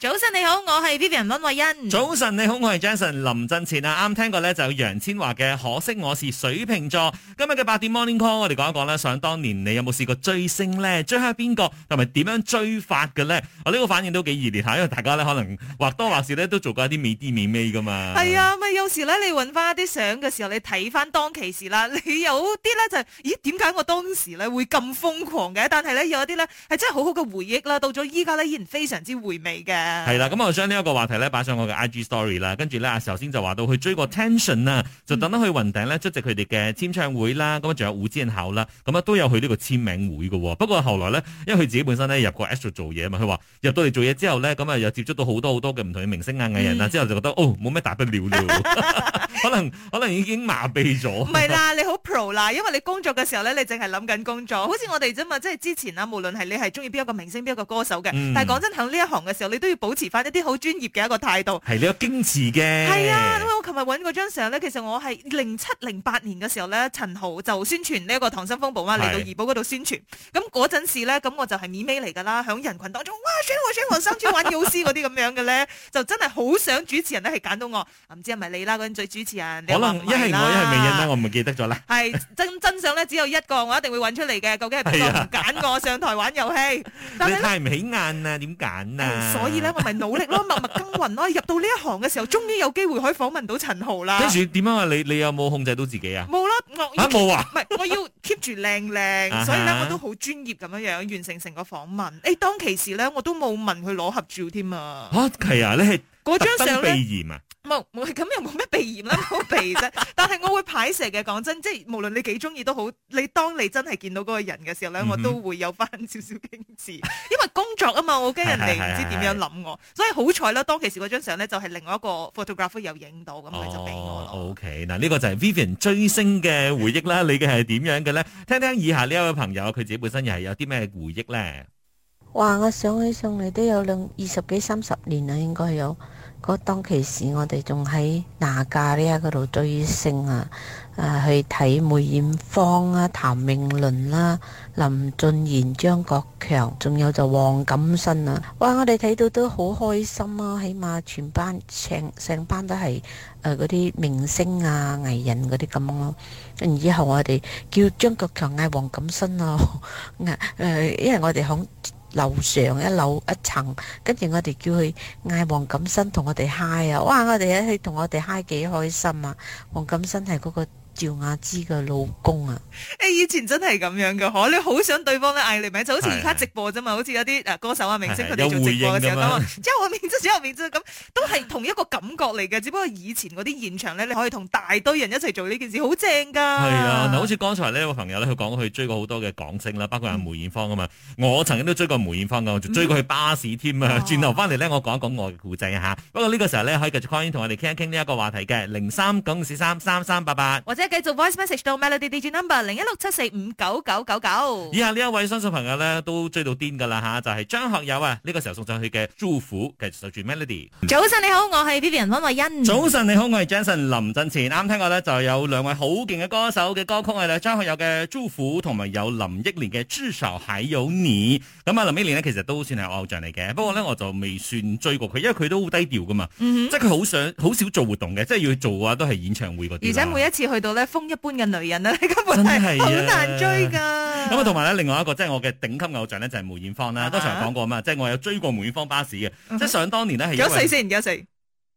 早晨你好，我係 Vivian 溫慧欣。早晨你好，我係 Jason 林振前啊！啱聽過咧就有楊千嬅嘅《可惜我是水瓶座》。今日嘅八點 Morning Call 我哋講一講啦。想當年你有冇試過追星咧？追係邊個？同埋點樣追法嘅咧？我呢個反應都幾熱烈吓，因為大家咧可能或多或少咧都做過一啲美啲美咩噶嘛。係啊，咪有時咧你搵翻一啲相嘅時候，你睇翻當其時啦。你有啲咧就係咦？點解我當時咧會咁瘋狂嘅？但係咧有啲咧係真係好好嘅回憶啦。到咗依家咧依然非常之回味嘅。係啦，咁我將呢一個話題咧擺上我嘅 IG Story 啦，跟住咧阿頭先就話到去追個 tension 啊，就等得去雲頂出席佢哋嘅簽唱會啦，咁啊仲有胡之賢考啦，咁啊都有去呢個簽名會嘅，不過後來呢，因為佢自己本身咧入過 Astro 做嘢嘛，佢話入到嚟做嘢之後呢，咁、嗯、啊、嗯、又接觸到好多好多嘅唔同嘅明星啊藝人啊，之後就覺得哦冇咩大不了了， 可能可能已經麻痹咗。唔係 啦，你好 pro 啦，因為你工作嘅時候呢，你淨係諗緊工作，好似我哋啫嘛，即係之前啊，無論係你係中意邊一個明星邊一個歌手嘅，但係講真喺呢一行嘅時候，你都要。保持翻一啲好專業嘅一個態度，係你有矜持嘅。係啊。同埋揾嗰張相咧，其實我係零七零八年嘅時候咧，陳豪就宣傳呢一個《溏心風暴》嘛，嚟的到怡寶嗰度宣傳。咁嗰陣時咧，咁我就係咪眉嚟噶啦，喺人群當中，哇！想我，想我生，圈揾老師嗰啲咁樣嘅咧， 就真係好想主持人咧係揀到我。唔知係咪你啦嗰陣做主持人？可能一係我一係名人咧，我唔記得咗啦。係 真真相咧，只有一個，我一定會揾出嚟嘅。究竟係點解唔揀我上台玩遊戲？唔 起眼啦，點揀啊？所以呢，所以咧，我咪努力咯，默默耕耘咯。入到呢一行嘅時候，終於有機會可以訪問到。陳豪啦，跟住點樣啊？你你有冇控制到自己啊？冇啦，我吓冇啊！唔係，我要 keep 住靚靚，所以咧我都好專業咁樣樣完成成個訪問。誒、欸，當其時咧，我都冇問佢攞合照添啊。吓？係啊，你係嗰張相咧。冇冇，咁又冇咩鼻炎啦，冇鼻啫。 但係我會排蛇嘅，講真，即係無論你幾中意都好，你當你真係見到嗰個人嘅時候咧，嗯、哼我都會有翻少少矜持。因為工作啊嘛，我驚人哋唔知點樣諗我。是是是是所以好彩啦，當其時嗰張相咧就係另外一個 photograph、er、又影到咁，哦、佢就俾我啦。O K，嗱呢個就係 Vivian 追星嘅回憶啦，你嘅係點樣嘅咧？聽聽以下呢一位朋友佢自己本身又係有啲咩回憶咧？哇，我想起上嚟都有兩二十幾三十年啦，應該有。嗰當其時，我哋仲喺那家呢嗰度追星啊！啊，去睇梅艷芳啊、譚詠麟啦、林俊賢、張國強，仲有就黃錦燊啊！哇，我哋睇到都好開心啊！起碼全班成成班都係誒嗰啲明星啊、藝人嗰啲咁咯。然之後我哋叫張國強嗌黃錦燊啊，嗌 因為我哋好。樓上一樓一層，跟住我哋叫佢嗌黃錦新同我哋嗨啊！哇，我哋一起同我哋嗨 i g 幾開心啊！黃錦新係嗰個。趙雅芝嘅老公啊！誒，以前真係咁樣嘅嗬，你好想對方咧嗌你名，就好似而家直播啫嘛，好似有啲誒歌手啊明星佢哋做直播嘅時候咁。之後我面即係之後面即係咁，都係同一個感覺嚟嘅只不過以前嗰啲現場咧，你可以同大堆人一齊做呢件事，好正噶。嗱，好似剛才呢個朋友咧，佢講佢追過好多嘅港星啦，包括阿梅艷芳啊嘛。我曾經都追過梅艷芳嘅，追過去巴士添啊。轉頭翻嚟咧，我講一講我嘅故仔啊吓。不過呢個時候咧，可以繼續 call in 同我哋傾一傾呢一個話題嘅零三九四三三三八八。即係繼續 voice message 到 Melody DJ number 零一六七四五九九九九。以下呢一位相信朋友咧都追到癲噶啦吓，就係、是、張學友啊。呢、這個時候送咗佢嘅祝福，繼續守住 Melody。早晨你好，我係 Vivian 温慧欣。早晨你好，我係 Jensen 林振前。啱啱聽過咧，就有兩位好勁嘅歌手嘅歌曲係啦，張學友嘅《祝福》同埋有林憶蓮嘅《至少還有你》。咁啊，林憶蓮呢其實都算係偶像嚟嘅，不過咧我就未算追過佢，因為佢都好低調噶嘛。Mm hmm. 即係佢好想好少做活動嘅，即係要做啊，都係演唱會嗰啲而且每一次去到。咧，風一般嘅女人的啊，你根本係好難追噶。咁啊，同埋咧，另外一個即係、就是、我嘅頂級偶像咧，就係梅艷芳啦。我、啊、都常講過啊嘛，即、就、係、是、我有追過梅艷芳巴士嘅。嗯、哼即係想當年咧，係幾歲先？而家四，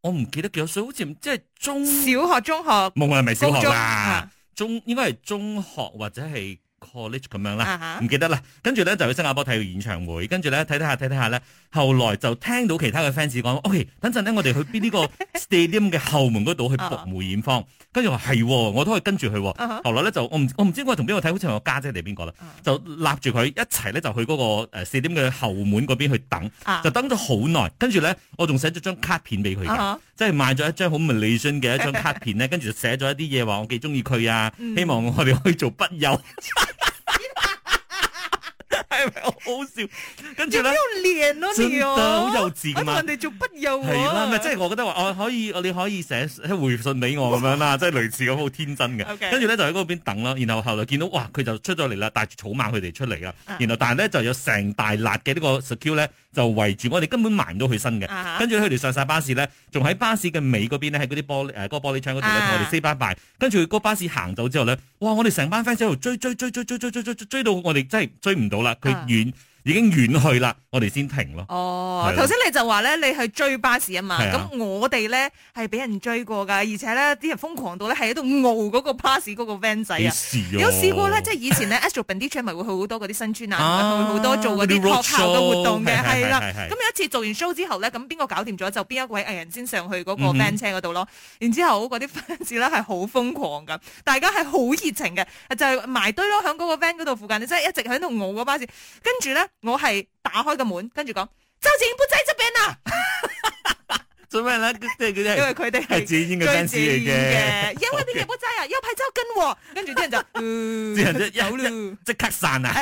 我唔記得幾多歲，好似即係中小學、中學，冇係咪小學啦？中，中應該係中學或者係。college 咁樣啦，唔、uh huh. 記得啦。跟住咧就去新加坡睇個演唱會，跟住咧睇睇下睇睇下咧，後來就聽到其他嘅 fans 講：「OK 等陣咧我哋去邊呢個 stadium 嘅後門嗰度去搏梅艷芳。跟住話係，我都去跟住去、哦。Uh huh. 後來咧就我唔我唔知我同邊個睇，好似我家姐嚟邊個啦。就立住佢一齊咧就去嗰個 stadium 嘅後門嗰邊去等，uh huh. 就等咗好耐。跟住咧我仲寫咗張卡片俾佢，即係買咗一張好唔禮信嘅一張卡片咧，跟住就寫咗一啲嘢話我幾中意佢啊，uh huh. 希望我哋可以做筆友。 係咪好好笑？跟住咧，做好、啊哦、幼稚噶嘛？我人哋做不幼稚、啊？係 啦，係即係我覺得話，我可以，你可以寫回信俾我咁樣啦，即係 類似咁好天真嘅。Okay. 跟住咧就喺嗰邊等啦，然後後嚟見到哇，佢就出咗嚟啦，帶住草蜢佢哋出嚟啦，然後但係咧就有成大辣嘅呢個 secure 咧。就圍住我哋根本埋唔到佢身嘅，跟住佢哋上晒巴士咧，仲喺巴士嘅尾嗰邊咧，喺嗰啲玻璃誒嗰、嗰個、玻璃窗嗰度咧同我哋 say bye bye，跟住嗰巴士行走之後咧，哇！我哋成班 friend 一路追追追追追追追追追，追到我哋真係追唔到啦，佢遠。Uh huh. 已經遠去啦，我哋先停咯。哦，頭先你就話咧，你係追巴士啊嘛。咁我哋咧係俾人追過㗎，而且咧啲人瘋狂到咧係喺度搖嗰個巴士嗰個 van 仔啊！有試過咧，即係以前咧 Ashley Benedict 咪會去好多嗰啲新村啊，去好多做嗰啲學校嘅活動嘅，係啦。咁有一次做完 show 之後咧，咁邊個搞掂咗就邊一位藝人先上去嗰個 van 車嗰度咯。然之後嗰啲 fans 咧係好瘋狂嘅，大家係好熱情嘅，就係埋堆咯，喺嗰個 van 嗰度附近，你真係一直喺度搖嗰巴士，跟住咧。我係打開個門，跟住講周子杰不仔出邊啦，做咩咧？即係因為佢哋係子自嘅 fans 嚟嘅，因為啲嘅不仔啊，又拍照跟我，跟住啲人就，啲人就即刻 cut 散啊，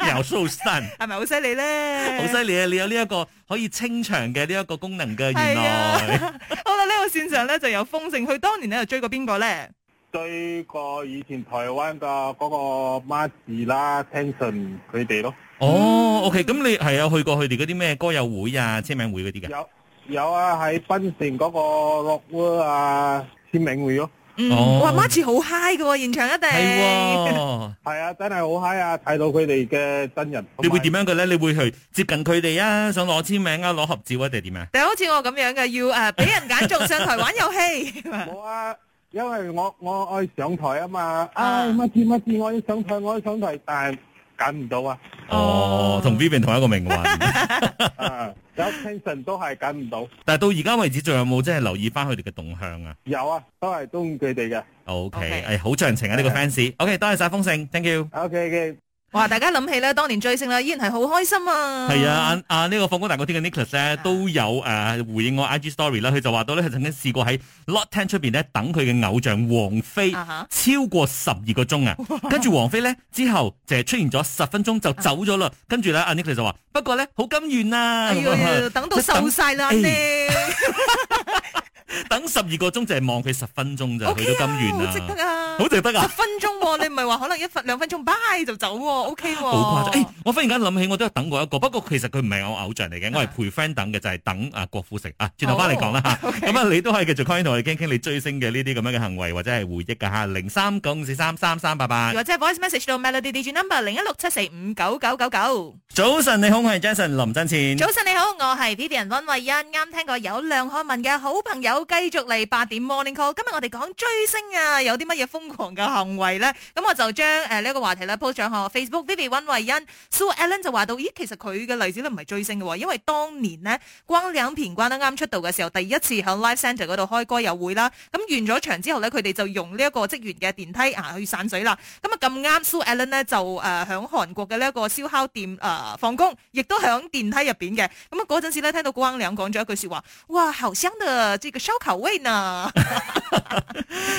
鳥獸散係咪好犀利咧？好犀利啊！你有呢一個可以清場嘅呢一個功能嘅原來。好啦，呢個線上咧就有豐盛，佢當年咧就追過邊個咧？追過以前台灣嘅嗰個馬志啦、Tension 佢哋咯。哦，OK，咁你係啊？有去過佢哋嗰啲咩歌友會啊、簽名會嗰啲嘅？有有啊，喺檳城嗰個樂會啊簽名會咯。哦，哇，馬志好嗨嘅，現場一定係。係啊，真係好嗨啊！睇到佢哋嘅真人，你會點樣嘅咧？你會去接近佢哋啊？想攞簽名啊，攞合照啊，定係點啊？定好似我咁樣嘅，要誒俾人揀中上台玩遊戲。冇啊，因為我我愛上台啊嘛。啊，馬志馬志，我要上台，我要上台，但。揀唔到啊！哦，同、哦、Vivian 同一個命運有 Twins 都係揀唔到。但係到而家為止，仲有冇即係留意翻佢哋嘅動向啊？有啊，都係中意佢哋嘅。O K，誒，好長 Okay. Okay.、哎、情啊呢 Yeah. 個 fans。O、okay, K，多謝晒豐盛，thank you。O K k 哇！大家諗起咧，當年追星咧依然係好開心啊！係啊，阿阿呢個放工大哥添嘅 Nicholas 咧、啊、都有誒、啊、回應我 IG story 啦，佢就話到咧佢曾經試過喺 Lot Ten 出邊咧等佢嘅偶像王菲超過十二個鐘啊哈，跟住王菲咧之後就係出現咗十分鐘就走咗啦，跟住咧 Nicholas 就話不過咧好甘願啊哈，等到瘦晒啦你。等十二個鐘就係望佢十分鐘就、okay 啊、去到金源好值得啊，好值得啊，十分鐘、哦、 你唔係話可能一分兩 分鐘 bye 就走喎、哦、OK，好誇張。誒，我忽然間諗起，我都有等過一個，不過其實佢唔係我偶像嚟嘅。Yeah. 我係陪 friend 等嘅，就係、是、等啊郭富城啊。轉頭翻嚟講啦吓，咁啊、oh, okay. 嗯、你都可以繼續 continue 嚟傾傾你追星嘅呢啲咁樣嘅行為或者係回憶噶吓，零三九五四三三三八八，或者、啊、或者 voice message 到 melody DJ number 零一六七四五九九九九。早晨你好，我係 Jason 林振錢。早晨你好，我係 Vivian 溫慧欣，啱聽過有梁漢文嘅好朋友。好繼續嚟八點 morning call。今日我哋講追星啊，有啲乜嘢瘋狂嘅行為咧？咁、嗯、我就將誒呢一個話題咧 po 上喺我 Facebook Vivi 溫慧欣，Sue Ellen 就話到，咦，其實佢嘅例子都唔係追星嘅、哦，因為當年呢，光良品冠得啱出道嘅時候，第一次喺 life center 嗰度開歌友會啦。咁、嗯、完咗場之後咧，佢哋就用呢一個職員嘅電梯啊去散水啦。咁啊咁啱，Sue Ellen 呢就誒響、呃、韓國嘅呢一個燒烤店誒放、呃、工，亦都係響電梯入邊嘅。咁啊嗰陣時咧聽到光良講咗一句說話，哇，好香啊！即、這個。燒烤味呢？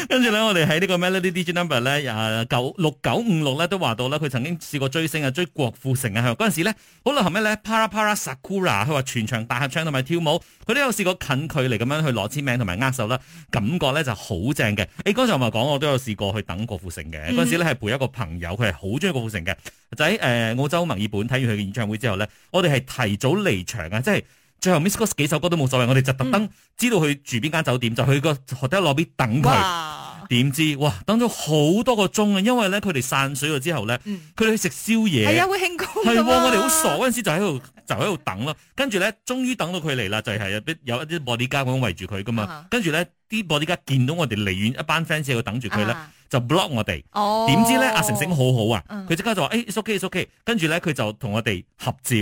跟住咧，我哋喺呢個 Melody DJ Number 咧，廿九六九五六咧，都話到啦。佢曾經試過追星啊，追郭富城啊，嗰陣時咧，好啦，後尾咧，Para Para Sakura，佢話全場大合唱同埋跳舞，佢都有試過近距離咁樣去攞簽名同埋握手啦，感覺咧就好正嘅。誒、欸，嗰陣時我咪講，我都有試過去等郭富城嘅，嗰陣、嗯、時咧係陪一個朋友，佢係好中意郭富城嘅，就喺誒、呃、澳洲墨爾本睇完佢嘅演唱會之後咧，我哋係提早離場啊，即係。最後 Miss Cos 幾首歌都冇所謂，我哋就特登知道佢住邊間酒店，嗯、就去個 hotel lobby 等佢。點哇知哇，等咗好多個鐘啊！因為咧，佢哋散水咗之後咧，佢哋、嗯、去食宵夜，係、哎、啊，會興高。係，我哋好傻嗰陣時就喺度就喺度等咯。跟住咧，終於等到佢嚟啦，就係、是、有一啲 bodyguard 咁圍住佢噶嘛。跟住咧，啲 bodyguard 見到我哋離遠一班 fans 喺度等住佢咧。啊啊就 block 我哋，點知咧？阿成成好好啊，佢即刻就話：誒，OK，OK。跟住咧，佢就同我哋合照。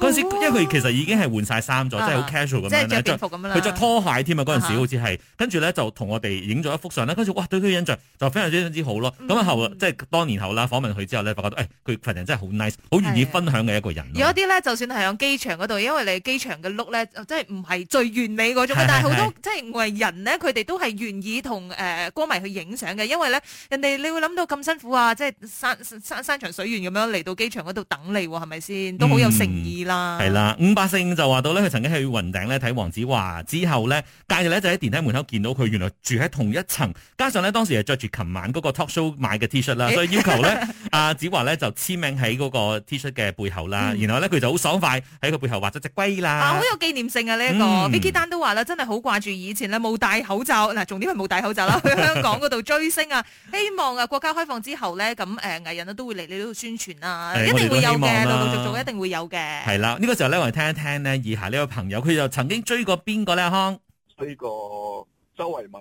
嗰陣時，因為佢其實已經係換晒衫咗，即係好 casual 咁樣，佢着拖鞋添啊！嗰陣時好似係，跟住咧就同我哋影咗一幅相啦。跟住哇，對佢印象就非常之之好咯。咁啊後，即係多年後啦，訪問佢之後咧，發覺得誒，佢份人真係好 nice，好願意分享嘅一個人。有一啲咧，就算係響機場嗰度，因為你機場嘅 look 咧，即係唔係最完美嗰種。但係好多即係為人咧，佢哋都係願意同誒歌迷去影相嘅，因為咧。人哋你會諗到咁辛苦啊，即係山山山長水遠咁樣嚟到機場嗰度等你喎，係咪先？都好有誠意啦。係啦、嗯，伍百盛就話到咧，佢曾經去雲頂咧睇黃子華之後咧，隔日咧就喺電梯門口見到佢，原來住喺同一層，加上咧當時係着住琴晚嗰個 talk show 買嘅 T 恤啦，shirt，所以要求咧阿、欸 啊、子華咧就簽名喺嗰個 T 恤嘅背後啦。然後咧佢就好爽快喺佢背後畫咗隻龜啦。嗯、啊，好有紀念性啊呢、這個。嗯、Vicky 丹都話啦，真係好掛住以前咧，冇戴口罩嗱，重點係冇戴口罩啦。 去香港嗰度追星啊！ 希望啊，國家開放之後咧，咁誒，藝人咧都會嚟你呢度宣傳啊，欸、一定會有嘅，陸陸續續一定會有嘅。係啦，呢、這個時候咧，我哋聽一聽咧，以下呢個朋友，佢就曾經追過邊個咧，康？追過周慧敏，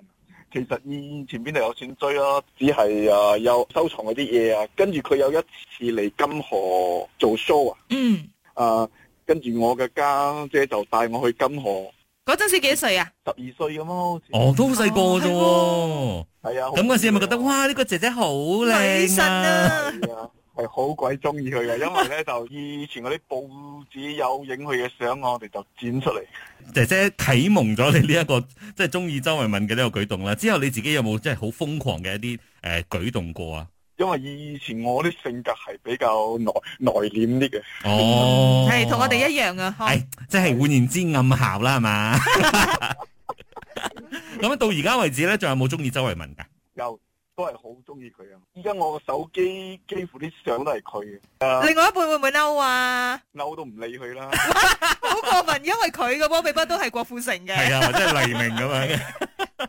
其實以前邊度有錢追咯，只係啊有收藏嗰啲嘢啊。跟住佢有一次嚟金河做 show、嗯、啊，嗯，啊，跟住我嘅家姐就帶我去金河。嗰陣時幾歲啊？十二歲咁咯，哦，都好細個咋，係、哦哦嗯、啊。咁嗰時咪覺得哇，呢、這個姐姐好靚啊，係好鬼中意佢嘅，因為咧就以前嗰啲報紙有影佢嘅相，我哋就剪出嚟。 姐姐啟蒙咗你呢、這、一個即係中意周慧敏嘅呢個舉動啦。之後你自己有冇即係好瘋狂嘅一啲誒、呃、舉動過啊？因為以前我啲性格係比較內內斂啲嘅，係同我哋一樣啊！係即係換言之暗號啦，係嘛？咁樣到而家為止咧，仲有冇中意周慧敏噶？有，都係好中意佢啊！依家我個手機幾乎啲相都係佢嘅。另外一半會唔會嬲啊？嬲到唔理佢啦！好過分，因為佢嘅波比筆都係郭富城嘅。係啊，即係黎明咁樣嘅。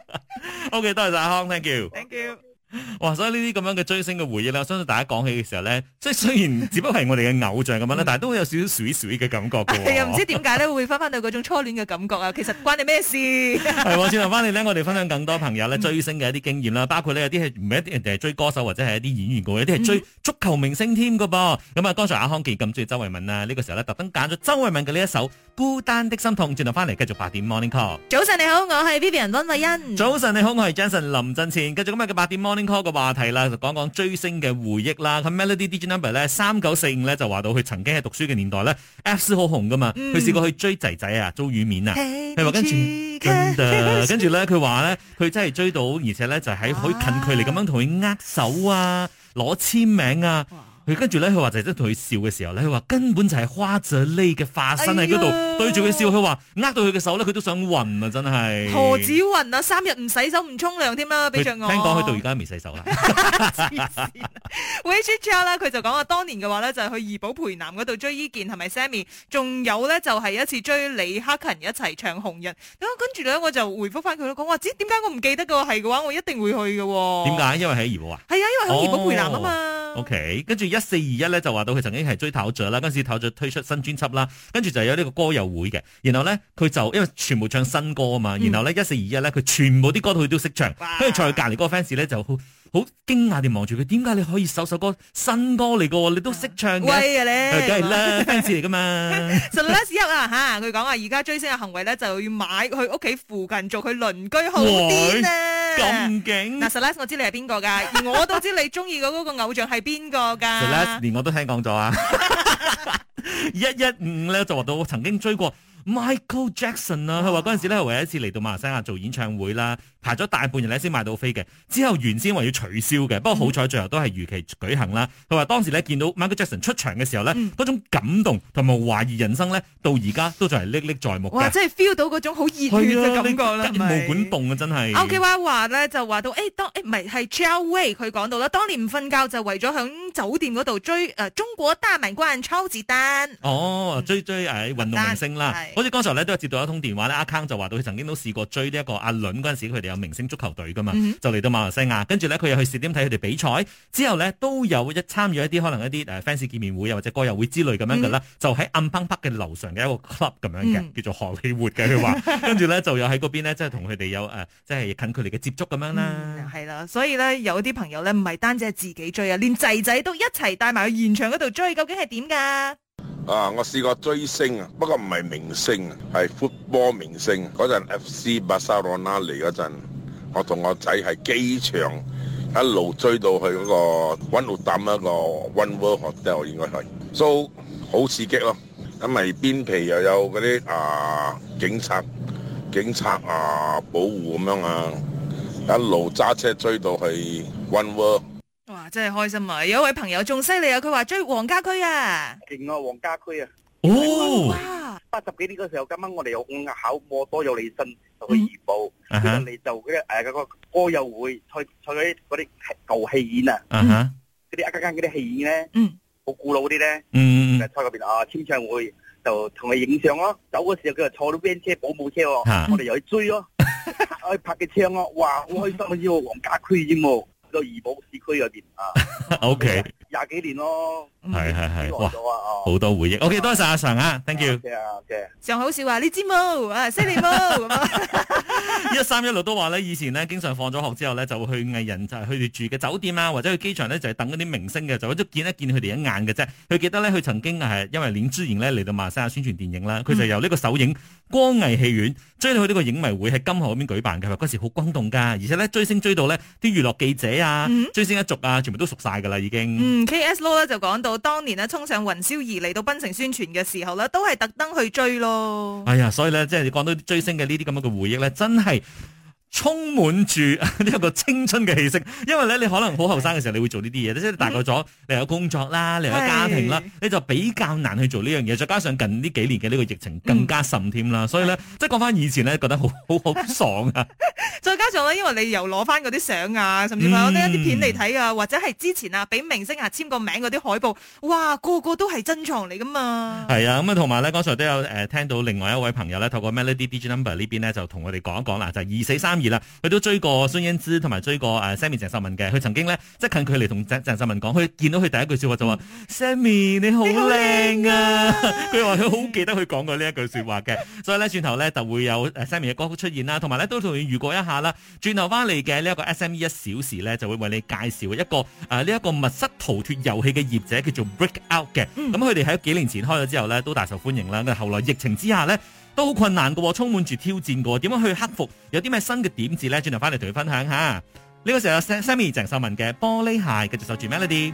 O K，多謝晒康，Thank you，Thank you。哇！所以呢啲咁樣嘅追星嘅回憶咧，相信大家講起嘅時候咧，即係雖然只不過係我哋嘅偶像咁樣啦，但係都會有少少水水嘅感覺嘅。係啊，唔知點解咧會翻翻到嗰種初戀嘅感覺啊！其實關你咩事？係喎，轉頭翻嚟咧，我哋分享更多朋友咧追星嘅一啲經驗啦，包括咧有啲係唔係啲人係追歌手或者係一啲演員嘅，有啲係追足球明星添嘅噃。咁啊，剛才阿康健咁中意周慧敏啊，呢個時候咧特登揀咗周慧敏嘅呢一首《孤單的心痛》，轉頭翻嚟繼續八點 Morning Call。早晨你好，我係 Vivian 溫慧欣。早晨你好，我係 Jason 林振前。繼續今日嘅八點 Mon 個話題啦，就講講追星嘅回憶啦。佢 Melody D J Number 咧，三九四五咧就話到佢曾經喺讀書嘅年代咧 F 好紅噶嘛，佢試、嗯、過去追仔仔啊，遭遇面啊，係話跟住，跟住咧佢話咧，佢真係追到，而且咧就喺、是、好近距離咁樣同佢握手啊，攞簽、啊、名啊。佢跟住咧，佢話仔仔同佢笑嘅時候咧，佢話根本就係花澤類嘅化身喺嗰度，哎、呦對住佢笑。佢話握到佢嘅手咧，佢都想暈啊！真係，何止暈啊？三日唔洗手唔沖涼添啦，比着我。聽講佢到而家都未洗手啦。WeChat chat 啦，佢就講話，當年嘅話咧就去怡寶培南嗰度追伊健，係咪 Sammy？仲有咧就係一次追李克勤一齊唱紅日。咁跟住咧，我就回覆翻佢啦，講話仔，點解我唔記得噶？係嘅話，我一定會去嘅、啊。點解？因為喺怡寶啊？係啊，因為喺怡寶培南啊嘛。哦 O K，跟住一四二一咧就話到佢曾經係追陶喆啦，嗰陣時陶喆推出新專輯啦，跟住就有呢個歌友會嘅，然後咧佢就因為全部唱新歌啊嘛，嗯、然後咧一四二一咧佢全部啲歌佢都識唱，跟住哇坐佢隔離嗰個 fans 咧就好。好驚訝地望住佢，點解你可以首首歌新歌嚟個，你都識唱歌？喂啊、你？梗係啦 fans 嚟噶嘛？實 last 啊，吓佢講話，而家追星嘅行為咧就要買去屋企附近做佢鄰居好啲。啊！咁勁，嗱 last 我知你係邊個噶，而我都知你中意嗰個偶像係邊個噶，last 連我都聽講咗啊，一一五咧就話到我曾經追過。Michael Jackson 啊，佢話嗰陣時咧，佢唯一一次嚟到馬來西亞做演唱會啦，排咗大半日咧先買到飛嘅。之後原先話要取消嘅，不過好彩最後都係如期舉行啦。佢話、嗯、當時咧見到 Michael Jackson 出場嘅時候咧，嗰、嗯、種感動同埋懷疑人生咧，到而家都仲係歷歷在目嘅。哇！真係 feel 到嗰種好熱血嘅感覺啦、冇管動啊，真係、啊。O.K. Y 話咧就話到，誒、欸、當誒唔係係 Chill Way 佢講到啦，當年唔瞓覺就係為咗響酒店嗰度追誒、呃、中國大明星超子丹。嗯、哦，追追誒、哎、運動明星啦。好似剛才咧都係接到一通電話咧，阿、啊、坑就話到佢曾經都試過追呢一個阿倫嗰陣時，佢哋有明星足球隊噶嘛，嗯、哼就嚟到馬來西亞，跟住咧佢又去試點睇佢哋比賽，之後咧都有參與一參與一啲可能一啲誒 fans 見面會啊或者歌友會之類咁樣噶啦，嗯、就喺暗砰砰嘅樓上嘅一個 club 咁樣嘅，嗯、叫做荷里活」，嘅佢話，跟住咧就有喺嗰邊咧即係同佢哋有誒即係近距離嘅接觸咁樣啦，係啦、嗯，所以咧有啲朋友咧唔係單止係自己追啊，連仔仔都一齊帶埋去現場嗰度追，究竟係點噶？啊！我試過追星啊，不過唔係明星，係 football 明星。嗰陣 FC 巴塞羅那嚟嗰陣，我同我仔喺機場一路追到去嗰個温魯頓一個 One World Hotel 我應該係，都、so, 好刺激咯，咁咪邊皮又有嗰啲啊警察、警察啊、呃、保護咁樣啊，一路揸車追到去 One World 真係開心啊！有一位朋友仲犀利啊，佢話追黃家駒啊，勁啊黃家駒啊，哦，八十幾年嗰時候，今晚我哋又咁押好多有禮信就去移步。咁人哋就嗰、uh huh. 啊嗰個歌友會，再再嗰啲嗰啲舊戲院啊，嗰啲一間間嗰啲戲院咧，好古老啲咧，就坐嗰邊啊簽唱會，就同佢影相咯，走嗰時候佢就坐到 van 車保姆車，車啊嗯、我哋又去追咯、啊，去 拍嘅唱咯、啊，哇好開心好似黃家駒節目。個怡保市區嗰邊啊，OK，廿幾年咯，係係係，哇，好多回憶。OK，多謝阿常啊，thank you。常好笑啊，你知冇啊，犀利冇。一三一路都話咧，以前咧經常放咗學之後咧就會去藝人就係佢哋住嘅酒店啊，或者去機場咧就係等嗰啲明星嘅，就都見一見佢哋一眼嘅啫。佢記得咧，佢曾經係因為李治廷咧嚟到馬來西亞宣傳電影啦，佢就由呢個首映。嗯光藝戲院追到去呢個影迷會喺金河嗰邊舉辦嘅，嗰時好轟動噶，而且咧追星追到咧，啲娛樂記者啊，嗯、追星一族啊，全部都熟晒噶啦已經。嗯，K S Law 咧就講到當年呢衝上雲霄二嚟到檳城宣傳嘅時候咧，都係特登去追咯。哎呀，所以咧即係講到追星嘅呢啲咁樣嘅回憶咧，真係。充滿住呢一個青春嘅氣息，因為咧你可能好後生嘅時候，你會做呢啲嘢。嗯、即係大個咗，你有工作啦，你有家庭啦，你就比較難去做呢樣嘢。再加上近呢幾年嘅呢個疫情更加滲添啦，嗯、所以咧是的 即係講翻以前咧，覺得好好好爽啊！再加上咧，因為你又攞翻嗰啲相啊，甚至乎咧一啲片嚟睇啊，嗯、或者係之前啊，俾明星啊簽個名嗰啲海報，哇，個個都係珍藏嚟噶嘛！係啊，咁啊同埋咧，剛才都有誒聽到另外一位朋友咧，透過 Melody DJ Number 呢邊咧，就同我哋講一講啦，就係二四三二。佢都追過孫燕姿，同埋追過誒 Sammy 鄭秀文嘅。佢曾經咧，即係近距離同鄭秀文講，佢見到佢第一句說話就話：Sammy 你好靚啊！佢話佢好記得佢講過呢一句說話嘅。 所以咧，轉頭咧就會有 Sammy 嘅歌曲出現啦，同埋咧都同你預告一下啦。轉頭翻嚟嘅呢一個 SME 一小時咧，就會為你介紹一個誒呢一個密室逃脫遊戲嘅業者叫做 Breakout 嘅。咁佢哋喺幾年前開咗之後咧，都大受歡迎啦。咁啊，後來疫情之下咧。都好困難嘅喎，充滿住挑戰嘅喎，點樣去克服？有啲咩新嘅點子咧？轉頭翻嚟同你分享下。呢個時候 Sammy 鄭秀文嘅《玻璃鞋》繼續守住 Melody。